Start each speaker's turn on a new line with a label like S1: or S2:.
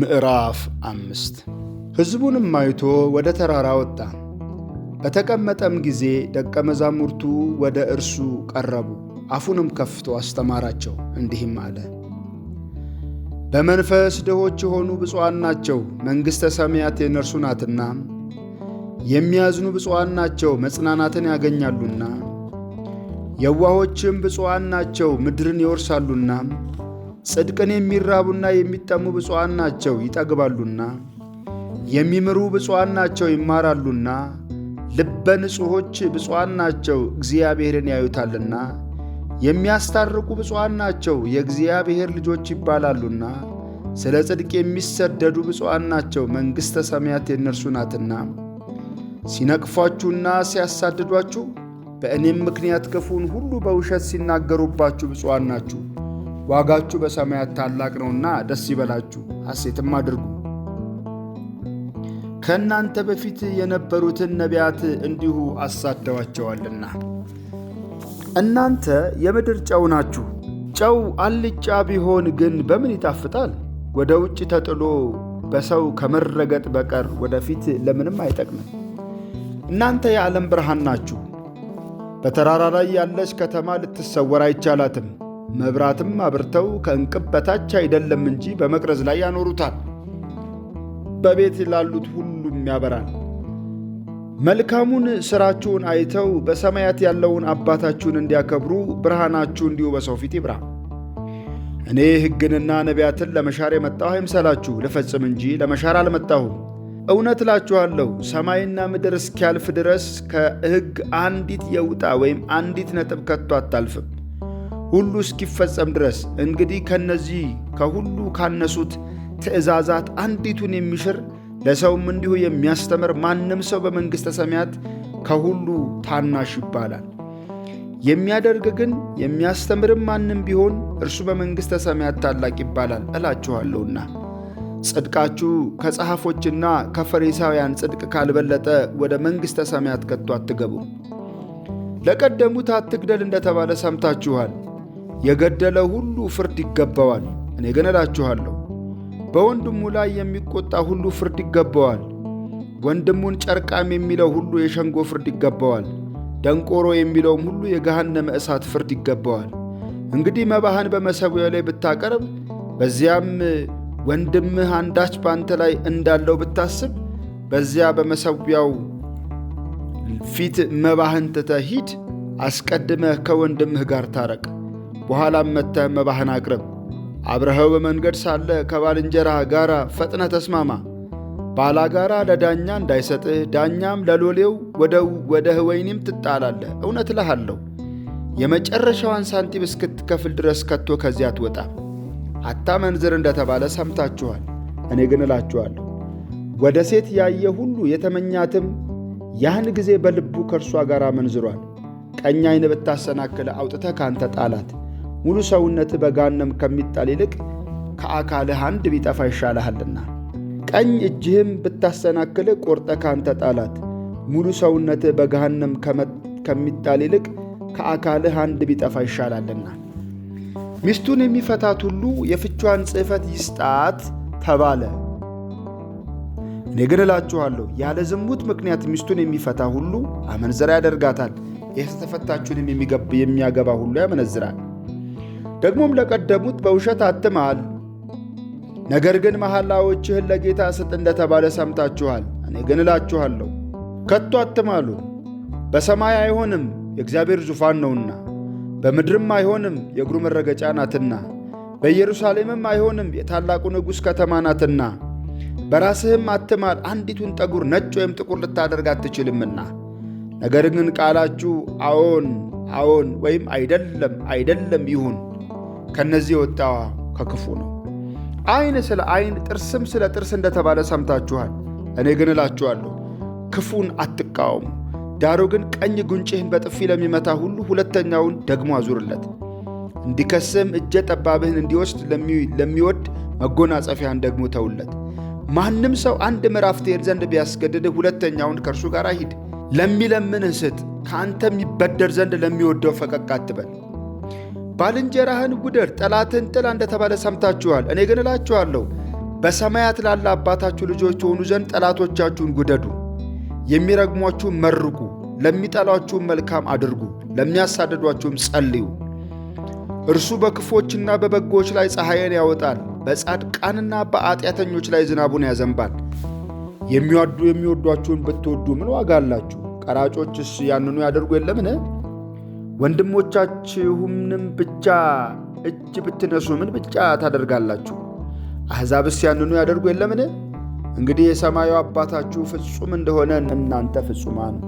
S1: ምዕራፍ አምስት ሕዝቡንም አይቶ ወደ ተራራ ወጣ። በተቀመጠም ጊዜ ደቀ መዛሙርቱ ወደ እርሱ ቀረቡ። አፉንም ከፍቶ አስተማራቸው፣ እንዲህም አለ። በመንፈስ ድሆች የሆኑ ብፁዓን ናቸው፣ መንግሥተ ሰማያት የእነርሱ ናትና። የሚያዝኑ ብፁዓን ናቸው፣ መጽናናትን ያገኛሉና። የዋሆችም ብፁዓን ናቸው፣ ምድርን ይወርሳሉና። ጽድቅን የሚራቡና የሚጠሙ ብፁዓን ናቸው ይጠግባሉና፣ የሚምሩ ብፁዓን ናቸው ይማራሉና፣ ልበ ንጹሖች ብፁዓን ናቸው እግዚአብሔርን ያዩታልና፣ የሚያስታርቁ ብፁዓን ናቸው የእግዚአብሔር ልጆች ይባላሉና፣ ስለ ጽድቅ የሚሰደዱ ብፁዓን ናቸው መንግሥተ ሰማያት የእነርሱ ናትና። ሲነቅፏችሁና ሲያሳድዷችሁ በእኔም ምክንያት ክፉን ሁሉ በውሸት ሲናገሩባችሁ ብፁዓን ናችሁ ዋጋችሁ በሰማያት ታላቅ ነውና ደስ ይበላችሁ፣ ሐሴትም አድርጉ። ከእናንተ በፊት የነበሩትን ነቢያት እንዲሁ አሳደዋቸዋልና። እናንተ የምድር ጨው ናችሁ። ጨው አልጫ ቢሆን ግን በምን ይጣፍጣል? ወደ ውጭ ተጥሎ በሰው ከመረገጥ በቀር ወደፊት ለምንም አይጠቅምም። እናንተ የዓለም ብርሃን ናችሁ። በተራራ ላይ ያለች ከተማ ልትሰወር አይቻላትም። መብራትም አብርተው ከእንቅብ በታች አይደለም እንጂ በመቅረዝ ላይ ያኖሩታል። በቤት ላሉት ሁሉም ያበራል። መልካሙን ሥራችሁን አይተው በሰማያት ያለውን አባታችሁን እንዲያከብሩ ብርሃናችሁ እንዲሁ በሰው ፊት ይብራ። እኔ ሕግንና ነቢያትን ለመሻር የመጣሁ አይምሰላችሁ፣ ልፈጽም እንጂ ለመሻር አልመጣሁም። እውነት እላችኋለሁ ሰማይና ምድር እስኪያልፍ ድረስ ከሕግ አንዲት የውጣ ወይም አንዲት ነጥብ ከቶ አታልፍም። ሁሉ እስኪፈጸም ድረስ እንግዲህ ከነዚህ ከሁሉ ካነሱት ትእዛዛት አንዲቱን የሚሽር ለሰውም እንዲሁ የሚያስተምር ማንም ሰው በመንግሥተ ሰማያት ከሁሉ ታናሽ ይባላል። የሚያደርግ ግን የሚያስተምርም ማንም ቢሆን እርሱ በመንግሥተ ሰማያት ታላቅ ይባላል እላችኋለሁና። ጽድቃችሁ ከጸሐፎችና ከፈሪሳውያን ጽድቅ ካልበለጠ ወደ መንግሥተ ሰማያት ከቶ አትገቡም። ለቀደሙት አትግደል እንደተባለ ሰምታችኋል። የገደለ ሁሉ ፍርድ ይገባዋል። እኔ ግን እላችኋለሁ በወንድሙ ላይ የሚቆጣ ሁሉ ፍርድ ይገባዋል። ወንድሙን ጨርቃም የሚለው ሁሉ የሸንጎ ፍርድ ይገባዋል። ደንቆሮ የሚለውም ሁሉ የገሃነመ እሳት ፍርድ ይገባዋል። እንግዲህ መባህን በመሠዊያው ላይ ብታቀርብ፣ በዚያም ወንድምህ አንዳች በአንተ ላይ እንዳለው ብታስብ፣ በዚያ በመሠዊያው ፊት መባህን ትተህ ሂድ፣ አስቀድመህ ከወንድምህ ጋር ታረቅ። በኋላም መጥተህ መባህን አቅርብ። አብረኸው በመንገድ ሳለ ከባልንጀራህ ጋር ፈጥነ ተስማማ። ባላጋራ ለዳኛ እንዳይሰጥህ፣ ዳኛም ለሎሌው ወደ ወህኒም ትጣላለህ። እውነት እልሃለሁ የመጨረሻዋን ሳንቲም እስክትከፍል ድረስ ከቶ ከዚያ አትወጣም። አታመንዝር እንደተባለ ሰምታችኋል። እኔ ግን እላችኋለሁ ወደ ሴት ያየ ሁሉ የተመኛትም ያን ጊዜ በልቡ ከእርሷ ጋር አመንዝሯል። ቀኝ ዓይን ብታሰናክለ አውጥተህ ካንተ ጣላት። ሙሉ ሰውነት በጋነም ከሚጣል ይልቅ ከአካልህ አንድ ቢጠፋ ይሻልሃልና። ቀኝ እጅህም ብታሰናክል ቆርጠ ካንተ ጣላት። ሙሉ ሰውነት በገሃነም ከሚጣል ይልቅ ከአካልህ አንድ ቢጠፋ ይሻላልና። ሚስቱን የሚፈታት ሁሉ የፍቿን ጽሕፈት ይስጣት ተባለ። እኔ ግን እላችኋለሁ ያለ ዝሙት ምክንያት ሚስቱን የሚፈታ ሁሉ አመንዝራ ያደርጋታል፣ የተፈታችሁንም የሚያገባ ሁሉ ያመነዝራል። ደግሞም ለቀደሙት በውሸት አትመሃል። ነገር ግን መሐላዎችህን ለጌታ ስጥ እንደተባለ ሰምታችኋል። እኔ ግን እላችኋለሁ ከቶ አትማሉ። በሰማይ አይሆንም የእግዚአብሔር ዙፋን ነውና፣ በምድርም አይሆንም የእግሩ መረገጫ ናትና፣ በኢየሩሳሌምም አይሆንም የታላቁ ንጉሥ ከተማ ናትና። በራስህም አትማል፣ አንዲቱን ጠጉር ነጭ ወይም ጥቁር ልታደርግ አትችልምና። ነገር ግን ቃላችሁ አዎን አዎን ወይም አይደለም አይደለም ይሁን ከነዚህ የወጣ ከክፉ ነው። ዓይን ስለ ዓይን ጥርስም ስለ ጥርስ እንደተባለ ሰምታችኋል። እኔ ግን እላችኋለሁ ክፉን አትቃወሙ። ዳሩ ግን ቀኝ ጉንጭህን በጥፊ ለሚመታ ሁሉ ሁለተኛውን ደግሞ አዙርለት። እንዲከስም እጀ ጠባብህን እንዲወስድ ለሚወድ መጎናጸፊያን ደግሞ ተውለት። ማንም ሰው አንድ ምዕራፍ ትሄድ ዘንድ ቢያስገድድህ ሁለተኛውን ከእርሱ ጋር ሂድ። ለሚለምንህ ስጥ፣ ከአንተ የሚበደር ዘንድ ለሚወደው ፈቀቅ አትበል። ባልንጀራህን ውደድ፣ ጠላትን ጥላ እንደተባለ ሰምታችኋል። እኔ ግን እላችኋለሁ በሰማያት ላለ አባታችሁ ልጆች ሆኑ ዘንድ ጠላቶቻችሁን ጉደዱ፣ የሚረግሟችሁን መርቁ፣ ለሚጠሏችሁም መልካም አድርጉ፣ ለሚያሳድዷችሁም ጸልዩ። እርሱ በክፎችና በበጎች ላይ ፀሐይን ያወጣል፣ በጻድቃንና በአጢአተኞች ላይ ዝናቡን ያዘንባል። የሚወዱ የሚወዷችሁን ብትወዱ ምን ዋጋ አላችሁ? ቀራጮችስ ያንኑ ያደርጉ የለምን? ወንድሞቻችሁንም ብቻ እጅ ብትነሱ ምን ብቻ ታደርጋላችሁ? አሕዛብስ ያንኑ ያደርጉ የለምን? እንግዲህ የሰማዩ አባታችሁ ፍጹም እንደሆነ እናንተ ፍጹማን